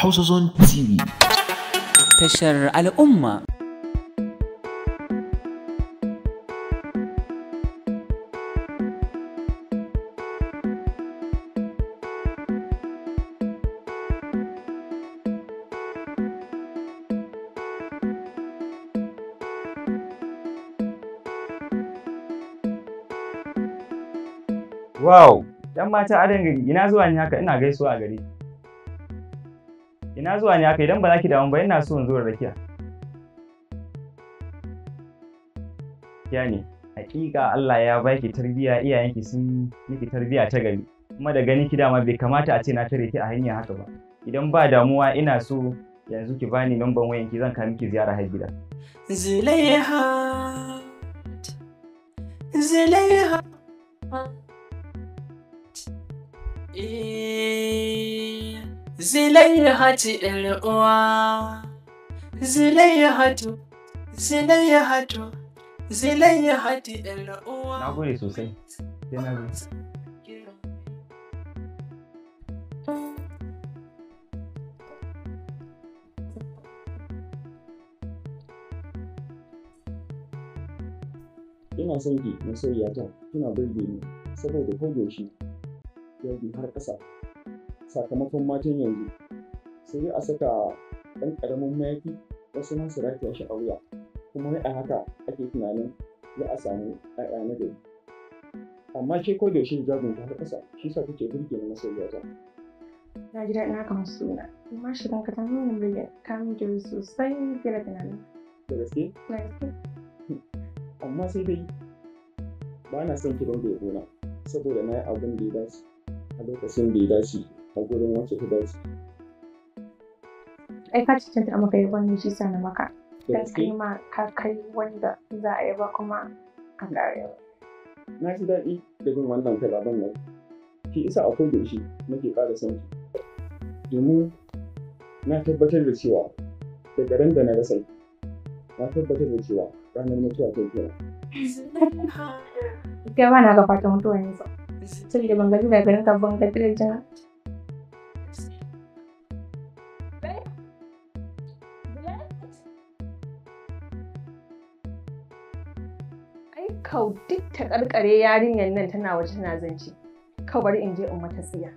Hausa Zone TV. Tashar al'umma. Wow! ‘Yan mata a ina zuwa ni haka ina gaisuwa a gari. Ina zuwa ne haka idan ba za ki damu ba ina so in zo rakiya. Ya ne, hakika Allah ya baki tarbiyya iyayenki sun miki tarbiyya ta gari. Kuma da gani ki dama bai kamata a ce na tare ki a hanya haka ba. Idan ba damuwa ina so yanzu ki bani namban wayanki zan kawo miki ziyara har gida. Zulaiha Zulaiha Eh Zilai hati ɗan uwa. Zilai hatu, zilai hatu, zilai hati ɗan uwa. Na gode sosai. Sai na gode. ina son ki masoyiyata kina burge ni saboda kogoshi ya bi har ƙasa sakamakon matan yanzu sai a saka ɗan ƙaramin mayafi wasu ma su rafiya shi a wuya kuma wai a haka ake tunanin za a samu ɗaya na gari amma ke ko da yaushe jagon ta ƙasa shi sa kuke burge na masoyiya ta na ji daɗin haka masu suna amma shi ka ta nuna burge ka min sosai fiye da tunanin da gaske na gaske amma sai dai ba na son ki don gona saboda na yi abin da ya dace a lokacin da ya dace har gurin wacce ta dace. Ai ka cancanta a maka yabon wani shi na maka. Dan kai ma ka kai wanda za a ba kuma a ƙara Na ji daɗi da bin wannan kalaban nan. ki isa a koda shi nake ƙara son ki. Domin na tabbatar da cewa daga ran da na rasa ki. Na tabbatar da cewa ranar mutuwa ta kira. Gawa na ga fatan mutuwa yanzu. Tun da ban gaji da garin ka ban gaji da kau duk ta karkare yarinyar nan tana waje tana zance kau bari in je in mata tsiya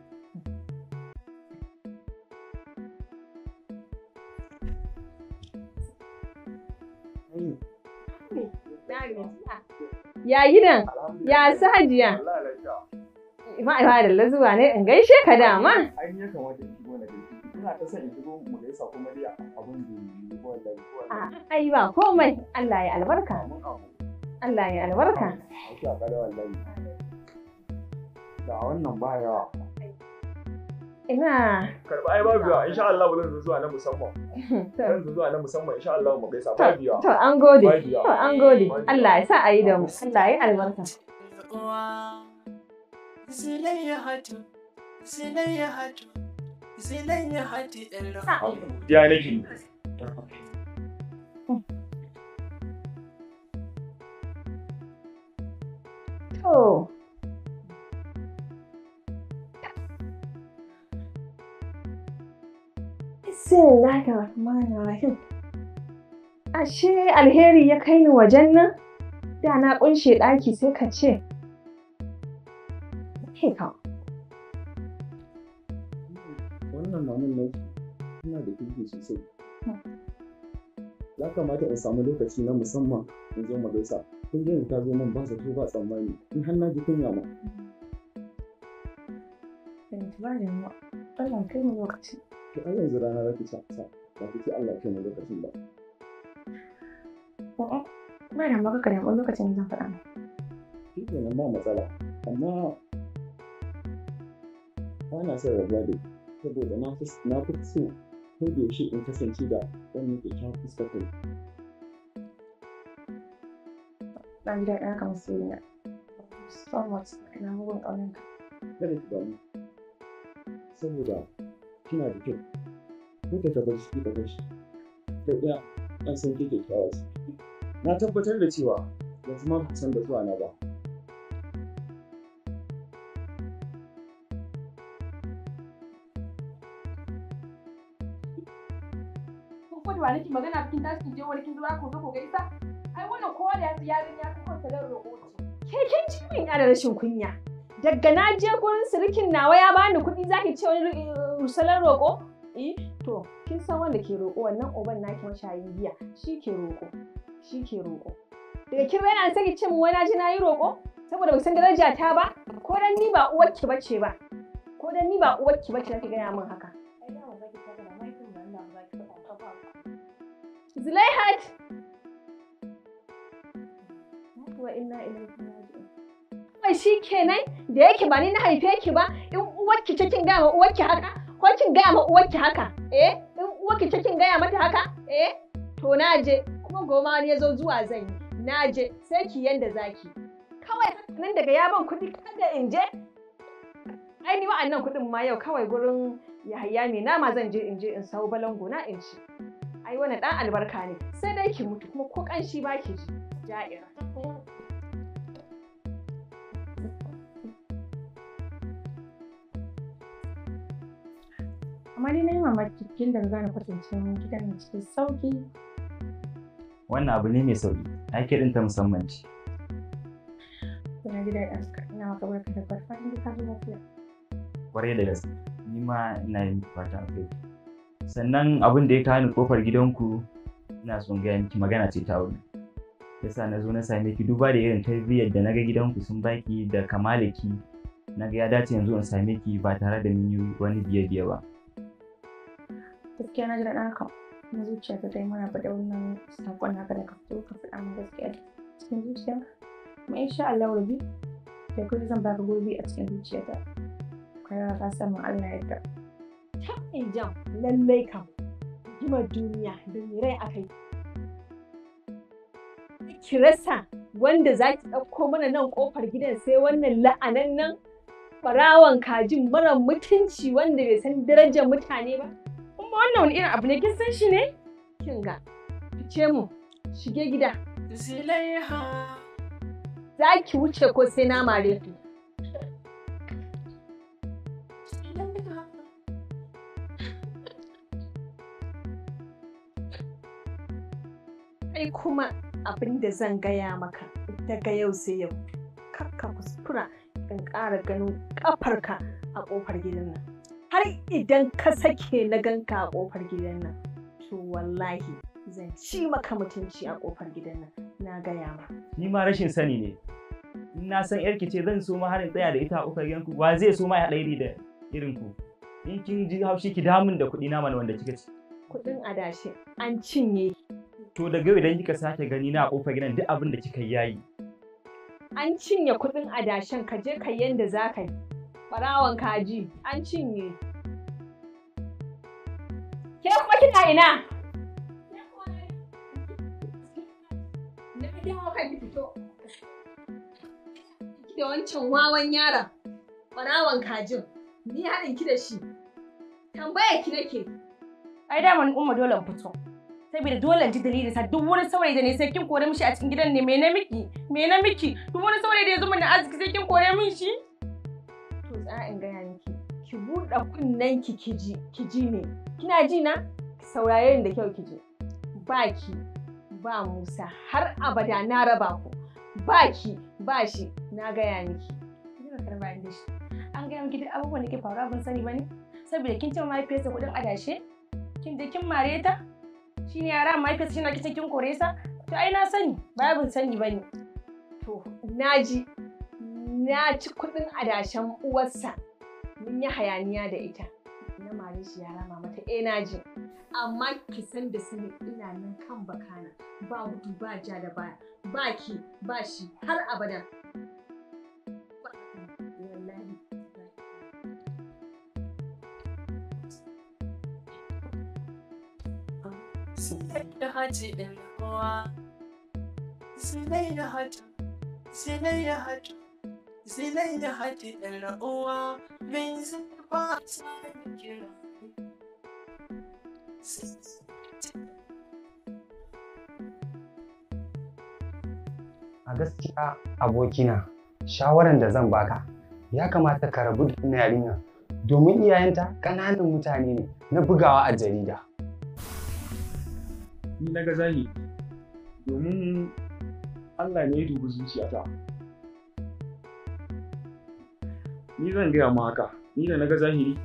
ya gidan ya sajiya ma'aifa da zuwa ne in gaishe ka dama ai ba komai Allah ya albarka Allah ya albarka. Ake a kada wallahi. Da wannan ba yawa. Ina. Karba ai ba biya insha Allah ba zan zuwa na musamman. Zan zuwa na musamman insha Allah mu gaisa ba biya. To an gode. To an gode. Allah ya sa a yi da mu. Allah ya albarka. Zilayyahatu, zilayyahatu, hatu. ɗan rahu. Ya nake. Oh. Bismillahir Rahim. Ashe alheri ya kai ni wajen nan? Da na kunshe ɗaki sai ka ce. Ke ka. Wannan mamun naki ina da kirki sosai. Hmm. Ya kamata in samu lokaci na musamman in zo mu gaisa. kun da ta zo man ba zato ba tsammani in har na ji kunya ma. Ba da mu, Allah kai mu lokaci. Ki ai yanzu rana rafi ki sa ba su ce Allah kai mu lokacin ba. A'a, ba da maka da yamma lokacin zan faɗa. Shi ne ba matsala, amma ba na son rabuwa da saboda na fi so ko da yaushe in kasance da wannan kyakkyawan fuskar kai. ta gidan ƴar kamsaniya so much ina mugun ƙaunar ka kada ki damu saboda kina da kyau ko ta taba shi da gashi da ɗaya an san ke kyakkyawa ce na tabbatar da cewa yanzu ma ba san da zuwa na ba ko da wa nake magana kin tashi kin wani kin zuwa ko ko ga isa ya fi yarin ya fi kwantalar Ke kin ji min da rashin kunya. Daga na je gurin sirikin nawa ya bani kuɗi zaki ce wani rusalar eh, roƙo? Eh, to kin san wanda ke roƙo wannan oban naki mashayin giya shi ke roƙo. Shi ke roƙo. Daga kin raina na ki ce min wani na ji na yi roƙo saboda baki san daraja ta ba ko dan ni ba uwarki ce ba. Ko dan ni ba uwarki bace nake gaya min haka. Zulaihat! wa inna ilaihi raji'un kawai shi kenan da yake ba ni na haife ki ba in uwarki ce kin gaya ma uwarki haka ko kin gaya ma uwarki haka eh in uwarki ce kin gaya mata haka eh to na je kuma goma wani ya zo zuwa zan yi na je sai ki yanda zaki kawai nan daga ya ban kuɗi kada in je ai ni wa'annan kuɗin ma yau kawai gurin yahaya mai nama zan je in je in sau balango na in ci ai wani ɗan albarka ne sai dai ki mutu kuma ko ƙanshi ba ki ji ja'ira amma ni na yi mamaki kin da za na kwatance gidan nan cikin sauki wannan abu ne mai sauki ai kirin ta musamman ci kuna ji daɗi aska ina maka barka da farfa in ka zo lafiya kwarai da gaske ni ma ina yin a kai sannan abin da ya kawo ni kofar gidanku ina son gaya miki magana ce ta aure yasa na zo na same ki duba da irin tarbiyyar da na ga gidanku sun baki da kamalaki na ga ya dace yanzu in same ki ba tare da mun yi wani biye biye ba gaskiya na ji daɗin na zuciya ta dai mana faɗa wannan saƙon naka da ka fito ka faɗa min gaskiya cikin zuciya kuma insha Allah rabi da kuma zan baka gobe a cikin zuciyata ka rasa samun Allah ya yarda in jam lallai kam jima duniya da mirai a kai ki rasa wanda za ki ɗauko mana nan ƙofar gidan sai wannan la'anan nan farawan kajin mara mutunci wanda bai san darajar mutane ba kuma wannan wani irin abu ne kin san shi ne kin ga fice mu shige gida zilaiha za ki wuce ko sai na mare ki kuma abin da zan gaya maka daga yau sai yau karka kuskura in ƙara ganin ƙafarka a ƙofar gidan nan har idan ka sake na ganka a ƙofar gidan nan to wallahi zan ci maka mutunci a ƙofar gidan nan na gaya ma ni ma rashin sani ne na san yarki ce zan so ma har in tsaya da ita a ƙofar ku wa zai so ma ya haɗa da irin ku in kin ji haushi ki damun da kuɗi na mana wanda kika ci kuɗin adashi an cinye to daga idan kika sake gani na kofar gidan duk abin da kika yayi an cinye kudin adashin ka je kai yanda za ka yi ɓarawan kaji an cinye ke kuma kina ina na ki fito da wancan wawan yaron barawan kajin ni haɗin ki da shi tambaya ki nake ai da mun umma dole fito saboda dole ji dalilin sa duk wani saurayi da ne sai kin kore mishi a cikin gidan ne me na miki me na miki duk wani saurayi da ya zama na arziki sai kin kore min shi to za in gaya miki ki buɗe kunnen ki kiji kiji ne kina ji na saurayen da kyau kiji ba ki ba Musa har abada na raba ku ba ki ba shi na gaya miki karba shi an gaya miki duk abubuwan da ke faruwa ban sani ba ne saboda kin ce mahaifiyarsa kuɗin adashe kin je kin mare ta ne yara mahaifiyarsa shine kike kin kore sa to ai na sani babin sani bane to ji na ci kuɗin adashen uwarsa mun yi hayaniya da ita na mare shi yara mama ta eh ji. amma ki san da su ina nan kan bakana ba gudu ba ja da baya ba ki ba shi har abada hadi el hoa. Zinai hadi, haji, hadi, da hadi el hoa. Benzi ɗin uwa, A gaskiya abokina, shawaran da zan baka, ya kamata ka rabu da yarinya domin iyayenta ƙananan mutane ne na bugawa a jarida. ni na ga zahiri domin Allah ne ya zuciya zuciyata ni zan gaya ma haka ni da na ga zahiri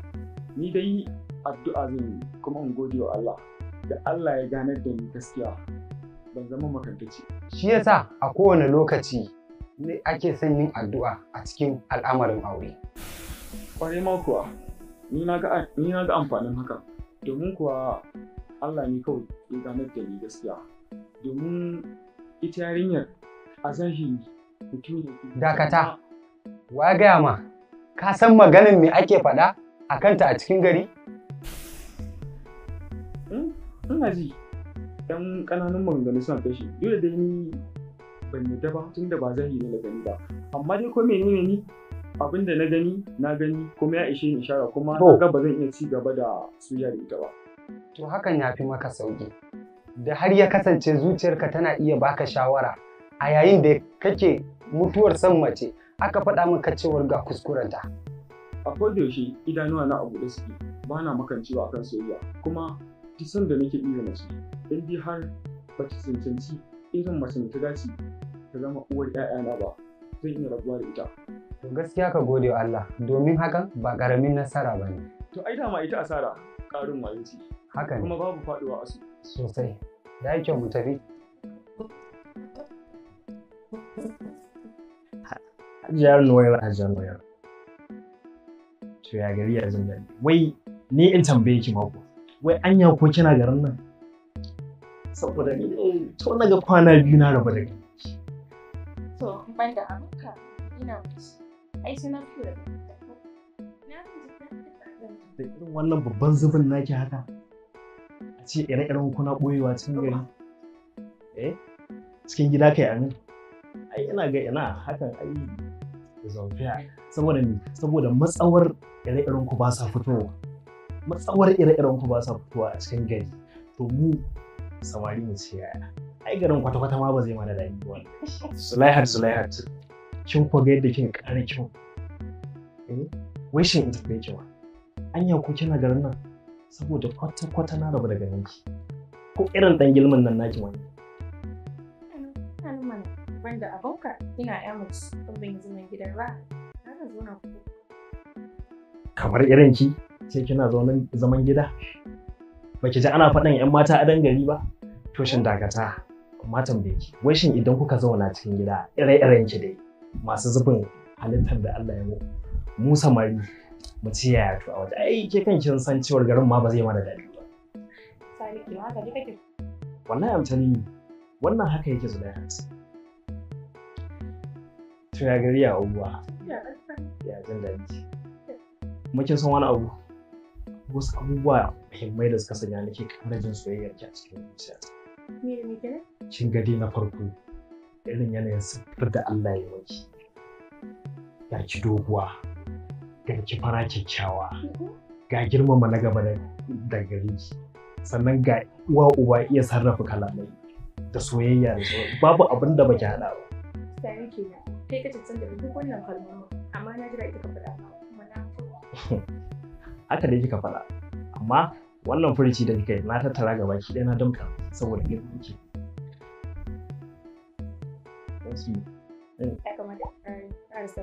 ni dai addu'a zan yi kuma in gode wa Allah da Allah ya ganar da ni gaskiya ban zama makantaci shi yasa a kowane lokaci ne ake son yin addu'a a cikin al'amarin aure kwarai ma kuwa ni na ga amfanin haka domin kuwa Allah ne kawai ya ganar da ni gaskiya domin ita yarinyar a zahiri mutum ne dakata wa gaya ma ka san maganin me ake faɗa a kanta a cikin gari hmm, ina ji yan ƙananan maganganu suna kashi dole dai ni ban yi ba tun da ba zahiri na gani ba amma dai ko menene ni abin da na gani na gani kuma ya ishe ni ishara kuma na ba zan iya ci gaba da suyar ita ba to hakan ya fi maka sauki Da har ya kasance zuciyarka tana iya baka shawara a yayin da kake mutuwar san mace aka faɗa maka cewar ga kuskurenta. A yaushe idanuwa na abu da suke ba na cewa akan soyayya kuma duk da nake iya mace in dai har ba ta cancanci irin mace ta dace ta zama uwar 'ya'yana ba zan iya rabuwa da ita. To gaskiya ka gode wa Allah domin hakan ba ƙaramin nasara ba ne. To ai dama ita asara ƙarin wayo ce haka kuma babu faɗuwa su sosai da yake mu tafi Hajjar Noyar Hajjar Noyar to ya gari ya zan wai ni in tambaye ki mako wai anya ko kina garin nan saboda ni ne to na ga kwana biyu na raba da kai to ban da amka ina mutu ai sai na fito da da irin wannan babban zubin naki haka a ce ire-iren kuna ɓoyewa cikin gari eh cikin gida kai amin ai ina ga ina hakan ai zamfiya saboda ni saboda matsawar ire-iren ku ba sa fitowa matsawar ire-iren ku ba sa fitowa a cikin gari to mu samari mu ce yaya ai garin kwata-kwata ma ba zai mana dami ba sulaihat sulaihat kin ko ga yadda kin ƙara kyau eh? wai shin anya ko kina garin nan saboda kwata-kwata na rabu daga yanki, ki ko irin dan gilman nan naki wani banda abauka ina amex don ban yanzu mai gidan ba? na zauna ku kamar irin ki sai kina zaunan zaman gida Ba ki ji ana faɗan yan mata a dangari ba to shin dakata amma tambaye ki wai shin idan kuka zauna cikin gida ire-iren ki dai masu zubin halittar da Allah ya mu mu samari mu ce yaya to a waje ai ke kan kin san cewar garin ma ba zai mana daɗi ba sani ki haka ne kake wallahi wannan haka yake zuwa yanzu ya gari ya uwa ya jin daɗi muke son wani abu wasu abubuwa muhimmai da suka sanya nake kamar jin soyayyar ki a cikin zuciya kin gadi na farko irin yanayin siffar da Allah ya maki ya ki doguwa ga ki fara kyakkyawa ga girmama na gaba da gari sannan ga uwa uba iya sarrafa kalamai da soyayya da sauran babu abin da baki haɗa ba. Ta ke na kai ka san da duk wannan kalmomin amma na jira ita ka faɗa Haka dai kika faɗa amma wannan furici da kika yi na tattara gaba ki ɗaya na damka saboda girman ki. Ya kamata a rasa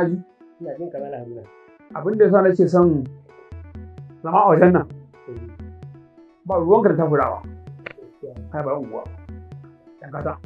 Abin Ina ya kamar Haruna. Abin son zama a wajen nan. Mm. Ba ruwanka da gudawa, Kai ba unguwa. ɗan kasa.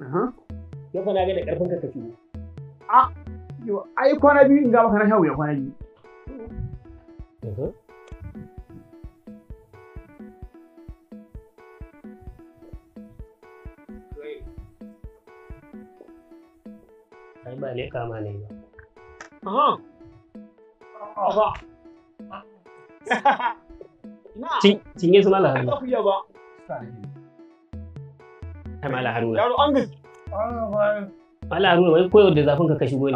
Yau fa na da ƙarfin ka kafi. A ah, yo kwana biyu in wuya kwana biyu. Ai ba ne ba. Cinye su Ba ku iya ba. ta haruna yaro an gaji da zafin ka ka shigo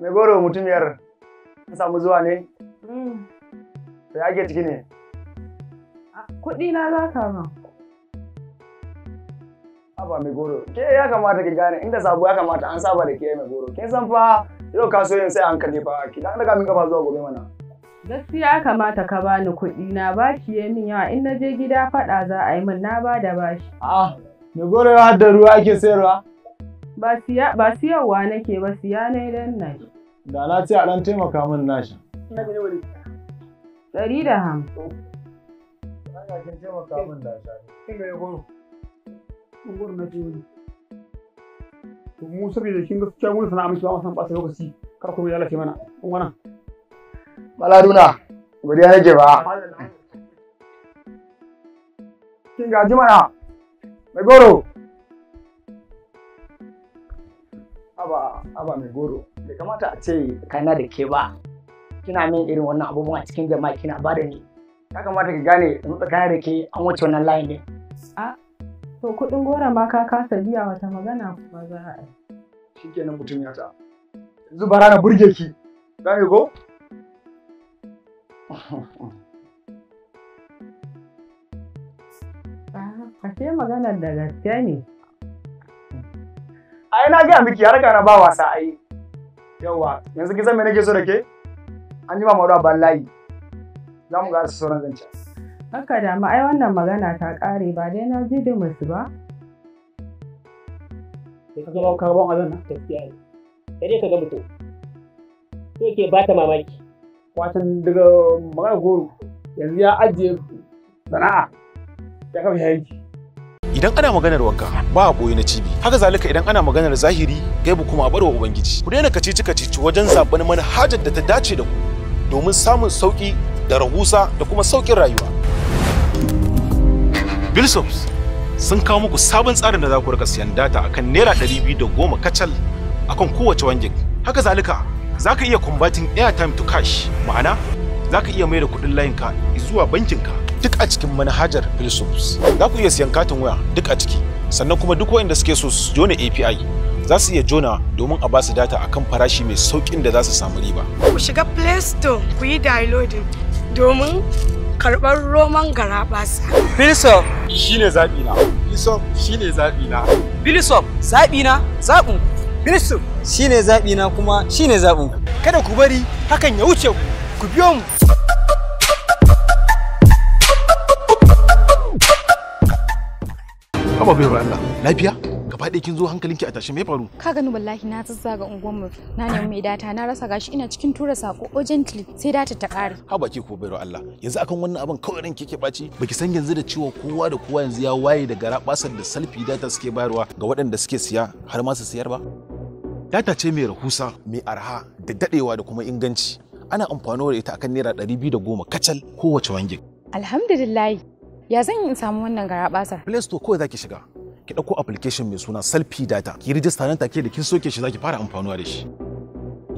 Mai goro mutum yar ta samu zuwa ne? Ta hmm. ciki ne? Kuɗi na za ka ma. Aba mai goro, ke ya kamata ki gane inda sabo ya kamata an saba da ke mai goro. Kin san fa yau kasuwan sai an kalle fa ki dan daga min gaba zuwa gobe mana. Gaskiya ya kamata ka bani kuɗi na ki ya min yawa in na je gida faɗa za a yi min na ba da bashi. Ah, mai goro ya hadda ruwa ake sayarwa. Ba siya ba siyarwa nake ba siya ne dan na. Da na ce a dan taimaka min nashi. Ɗari da hamsin. Kin taimaka min da shi. Kin ga goro. unguwar na ce wani to mu saboda kin gaskiya mun sana'a mu ba mu san ba sai lokaci kar ku ya lace mana kun wannan baladuna bari ya nake ba kin ga ji mana mai goro aba aba mai goro bai kamata a ce kana da ke ba kina min irin wannan abubuwan a cikin jama'a kina ba da ni ya kamata ka gane in tsakaya da ke an wuce wannan layin ne a To kuɗin goro ma ka kasa biya wata magana kuma za a yi. Shi kenan mutum ya ta. Yanzu bara na burge ki. Za a go? Ah, ka ce maganar da gaske ne. A na gaya miki har na ba wasa yi Yawa yanzu ki zan mai nake so da ke? An ji ma maudu a ban layi. Za mu ga sauran zancen. Haka da ai wannan magana ta ƙare ba dai na ji musu ba. Sai ka gaba ka gaban azan gaskiya ne. Sai dai ka ga mutum. Sai ke ba ta mamaki. Watan daga magana goro yanzu ya ajiye sana'a ya kafa yanki. idan ana maganar wanka ba a boye na cibi haka zalika idan ana maganar zahiri gaibu kuma a barwa ubangiji ku daina kacici kacici wajen zaɓar manhajar da ta dace da ku domin samun sauƙi da rahusa da kuma sauƙin rayuwa Bilsops sun kawo muku sabon tsarin da za ku rika siyan data akan naira ɗari biyu da goma kacal akan kowace wangin. Haka zalika za ka iya converting airtime to cash ma'ana za ka iya mai da kuɗin layinka zuwa ka. duk a cikin manhajar Bilsops. Za ku iya siyan katin waya duk a ciki sannan kuma duk waɗanda suke so su jona API za su iya jona domin a ba su data akan farashi mai saukin da za su samu riba. Ku shiga Play Store ku yi downloading domin karɓar roman garaɓasa. Bilsop shine zaɓi na. Bilsop shine zaɓi na. Bilsop zaɓi na zaɓin. Bilsop shine zaɓi na kuma shine zaɓin. Kada ku bari hakan ya wuce ku. Ku biyo mu. Haba bai Allah lafiya? gaba kin zo hankalinki a tashi me faru ka gani wallahi na zazzaga unguwar mu na nemi mai data na rasa gashi ina cikin tura sako urgently sai data ta ƙare ha baki ko bayro Allah yanzu akan wannan abin kawai ran kike baci baki san yanzu da cewa kowa da kowa yanzu ya waye da garabasar da salfi data suke bayarwa ga waɗanda suke siya har ma su siyar ba data ce mai rahusa mai arha da dadewa da kuma inganci ana amfani da ita akan naira ɗari goma kacal kowace wangin alhamdulillah ya zan in samu wannan garabasar play store kawai zaki shiga ki ɗauko application mai suna selfie data ki rijista nan take da kin soke shi zaki fara amfanuwa da shi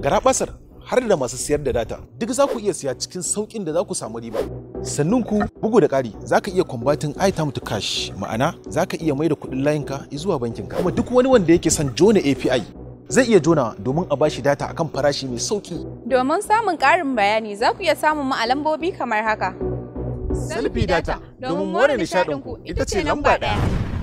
gara basar har da masu siyar da data duk za ku iya siya cikin saukin da za ku samu riba sannan ku bugu da ƙari za ka iya combating item to cash ma'ana za ka iya mai da kuɗin layinka zuwa bankin kuma duk wani wanda yake son jona api zai iya jona domin a bashi data akan farashi mai sauki domin samun ƙarin bayani za ku iya samun mu lambobi kamar haka selfie data domin more ku, ita ce lamba ɗaya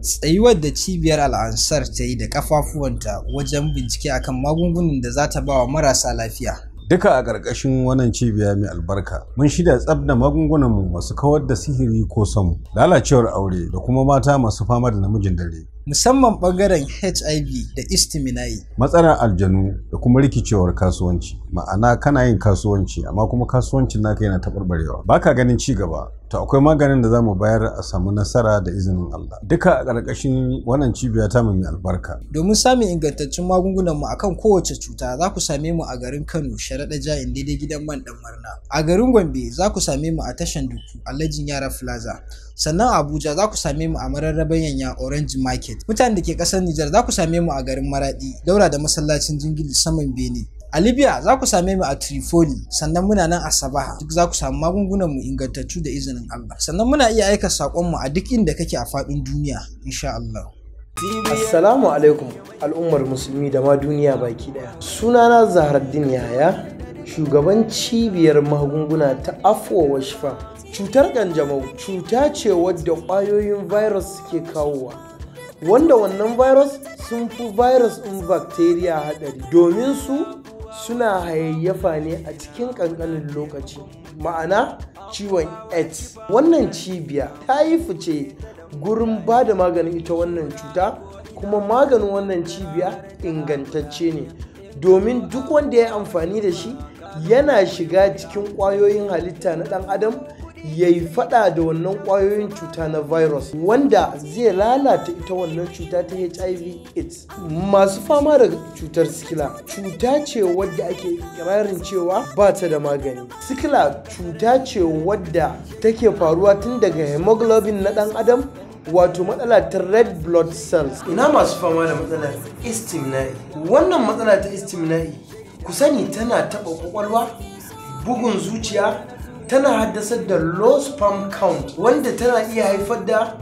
tsayuwar da cibiyar al'ansar ta yi da kafafuwanta wajen bincike akan magungunan da za ta ba wa marasa lafiya duka a ƙarƙashin wannan cibiya mai albarka mun shirya tsab da mu masu kawar da sihiri ko samu lalacewar aure da kuma mata masu fama da namijin dare musamman ɓangaren hiv da istiminai matsalar aljanu da kuma rikicewar kasuwanci ma'ana kana yin kasuwanci amma kuma kasuwancin naka yana taɓarɓarewa baka ganin ci gaba to akwai maganin da za mu bayar a samu nasara da izinin Allah duka a ƙarƙashin wannan cibiya ta mai albarka domin samun ingantaccen magungunan mu akan kowace cuta za ku same mu a garin Kano sharaɗa ja'in daidai gidan man ɗan marna a garin Gombe za ku same mu a tashan duku Alhajin Yara Plaza sannan Abuja za ku same mu a mararraban yanya Orange Market mutanen da ke ƙasar Nijar za ku same mu a garin Maraɗi daura da masallacin Jingili saman Benin A Libya za ku same mu a Tripoli sannan muna nan a Sabaha duk za ku samu magungunan mu ingantattu da izinin Allah. Sannan muna iya aika sakon mu a duk inda kake a faɗin duniya insha Allah. Assalamu alaikum al'ummar musulmi da ma duniya baki daya. Sunana Zahraddin yaya, shugaban cibiyar magunguna ta Afwa Washfa. Cutar kanjamau cuta ce wadda ƙwayoyin virus suke kawowa. Wanda wannan virus sun fi virus ɗin bacteria haɗari domin su suna hayayyafa ne a cikin ƙanƙanin lokaci ma'ana ciwon aids wannan cibiya ta yi fice gurin ba da maganin ita wannan cuta kuma maganin wannan cibiya ingantacce ne domin duk wanda ya yi amfani da shi yana shiga cikin ƙwayoyin halitta na ɗan adam ya yi fada da wannan kwayoyin cuta na virus wanda zai lalata ita wannan cuta ta hiv aids masu fama da cutar sikila cuta ce wadda ake kirarin cewa ba ta da magani sikila cuta ce wadda take faruwa tun daga hemoglobin na dan adam wato matsala ta red blood cells ina masu fama da matsalar istimna'i wannan matsala ta istimna'i ku sani tana taɓa kwakwalwa bugun zuciya tana haddasar da low sperm count wanda tana iya haifar da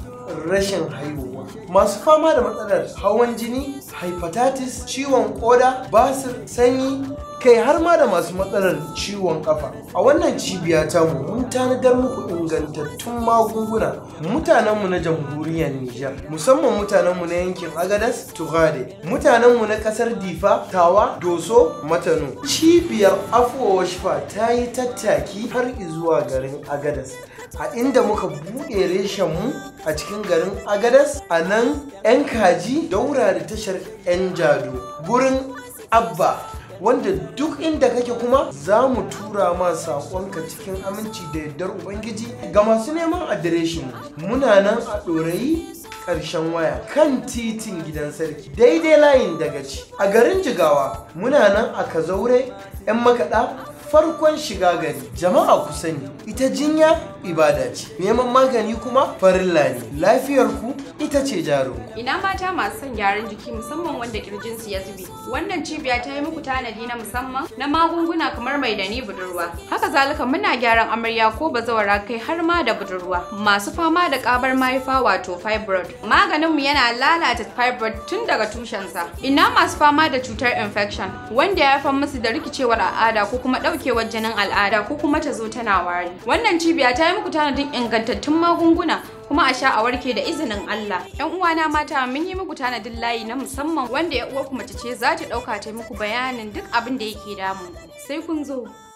rashin haihuwa masu fama da matsalar hawan jini hepatitis ciwon koda basir sanyi kai har ma da masu matsalar ciwon kafa a wannan cibiya mu mun tanadar muku ingantattun magunguna mutanenmu na jamhuriyar Nijar musamman mutanenmu na yankin Agadas Tugade mutanenmu na kasar Difa Tawa Doso Matano cibiyar Afuwa Washfa ta yi tattaki har zuwa garin Agadas a inda muka buɗe reshen mu a cikin garin Agadas a nan 'yan kaji daura da tashar 'yan jado gurin Abba wanda duk inda kake kuma za mu tura ma saƙonka cikin aminci da yardar ubangiji ga masu neman adireshin muna nan a ɗorayi ƙarshen waya kan titin gidan sarki daidai layin daga ci a garin jigawa muna nan a kazaure 'yan makaɗa farkon shiga gari jama'a ku sani ita jinya ibada ce neman magani kuma Farin ne lafiyar ku ita ce jaro. Ina mata masu son gyaran jiki musamman wanda kirjinsu ya zube. Wannan cibiya ta yi muku tanadi na musamman na magunguna kamar mai da ni budurwa. Haka zalika muna gyaran amarya ko bazawara kai har ma da budurwa. Masu fama da kabar mahaifa wato fibroid. Maganinmu yana lalata fibroid tun daga tushensa. Ina masu fama da cutar infection wanda ya fa musu da rikicewar al'ada ko kuma daukewar jinin al'ada ko kuma ta zo tana wari. Wannan cibiya ta yi muku tanadin ingantattun magunguna kuma a sha a warke da izinin Allah. ‘Yan uwana mata mun yi muku tanadin layi na musamman wanda ya uwa kuma ce za ta ɗauka ta muku bayanin duk abin da yake damu. Sai kun zo.